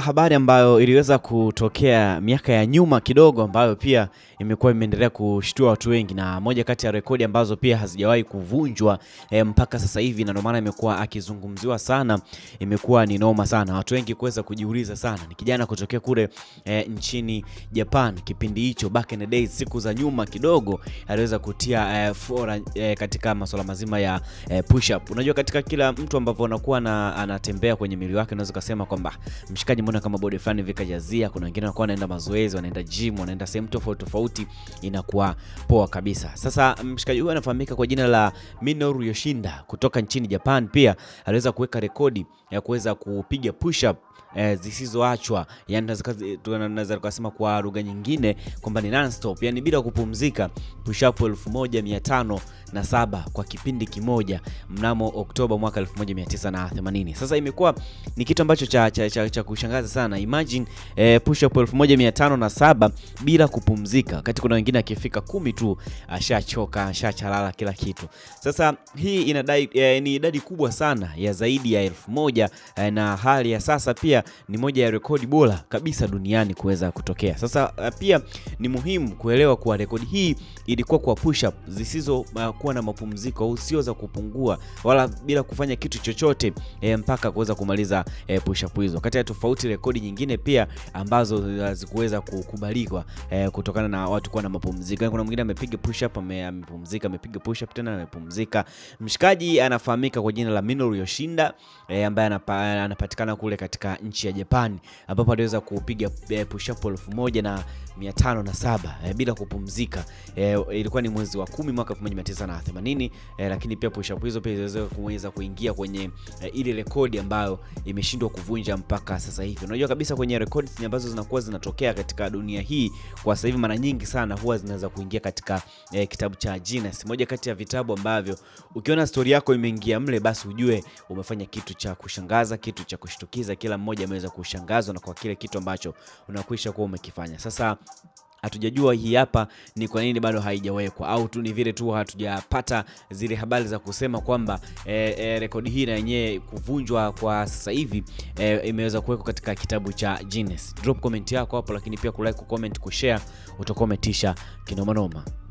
habari ambayo iliweza kutokea miaka ya nyuma kidogo, ambayo pia imekuwa imeendelea kushtua watu wengi na moja kati ya rekodi ambazo pia hazijawahi kuvunjwa e, mpaka sasa hivi, na ndio maana imekuwa akizungumziwa sana. Imekuwa ni noma sana, watu wengi kuweza kujiuliza sana, ni kijana kutokea kule e, nchini Japan. Kipindi hicho back in the days, siku za nyuma kidogo, aliweza kutia e, fora e, katika masuala mazima ya e, push up. Unajua katika kila mtu ambavyo anakuwa na, anatembea kwenye mwili wake, unaweza kusema kwamba mshikaji mbona kama bodi fulani vikajazia. Kuna wengine wanakuwa wanaenda mazoezi, wanaenda gym, wanaenda sehemu tofauti tofauti, inakuwa poa kabisa. Sasa mshikaji huyu anafahamika kwa jina la Minoru Yoshinda kutoka nchini Japan, pia aliweza kuweka rekodi ya kuweza kupiga push up eh, zisizoachwa yani, tunaweza tukasema kwa lugha nyingine kwamba ni non stop, yani bila kupumzika, push up na saba kwa kipindi kimoja mnamo Oktoba mwaka 1980. Sasa imekuwa ni kitu ambacho cha, cha, cha, cha kushangaza sana. Imagine eh, push up 1507 bila kupumzika, wakati kuna wengine akifika kumi tu ashachoka ashachalala kila kitu. Sasa hii inadai eh, ni idadi kubwa sana ya zaidi ya elfu moja eh, na hali ya sasa pia ni moja ya rekodi bora kabisa duniani kuweza kutokea. Sasa eh, pia ni muhimu kuelewa kuwa rekodi hii ilikuwa kwa push up zisizo uh, kuwa na mapumziko au sio za kupungua wala bila kufanya kitu chochote e, mpaka kuweza kumaliza e, eh, push up hizo. Kati ya tofauti rekodi nyingine pia ambazo hazikuweza kukubalika e, eh, kutokana na watu kuwa na mapumziko. kuna mwingine amepiga push up amepumzika, amepiga push up tena amepumzika. Mshikaji anafahamika kwa jina la Minoru Yoshinda e, ambaye anapa, anapatikana kule katika nchi ya Japan ambapo aliweza kupiga e, push up elfu moja na mia tano na saba e, bila kupumzika e, ilikuwa ni mwezi wa kumi mwaka na 80 eh, lakini pia push up hizo pia ziweze kuweza kuingia kwenye eh, ile rekodi ambayo imeshindwa kuvunja mpaka sasa hivi. Unajua kabisa kwenye rekodi ambazo zinakuwa zinatokea katika dunia hii kwa sasa hivi, mara nyingi sana huwa zinaweza kuingia katika eh, kitabu cha Guinness, moja kati ya vitabu ambavyo ukiona stori yako imeingia mle, basi ujue umefanya kitu cha kushangaza, kitu cha kushtukiza. Kila mmoja ameweza kushangazwa na kwa kile kitu ambacho unakwisha kuwa umekifanya sasa hatujajua hii hapa ni kwa nini bado haijawekwa au tu ni vile tu hatujapata zile habari za kusema kwamba e, e, rekodi hii na yenyewe kuvunjwa kwa sasa hivi e, imeweza kuwekwa katika kitabu cha Guinness. Drop comment yako hapo, lakini pia kulike, kucomment, kushare utakuwa umetisha kinomanoma.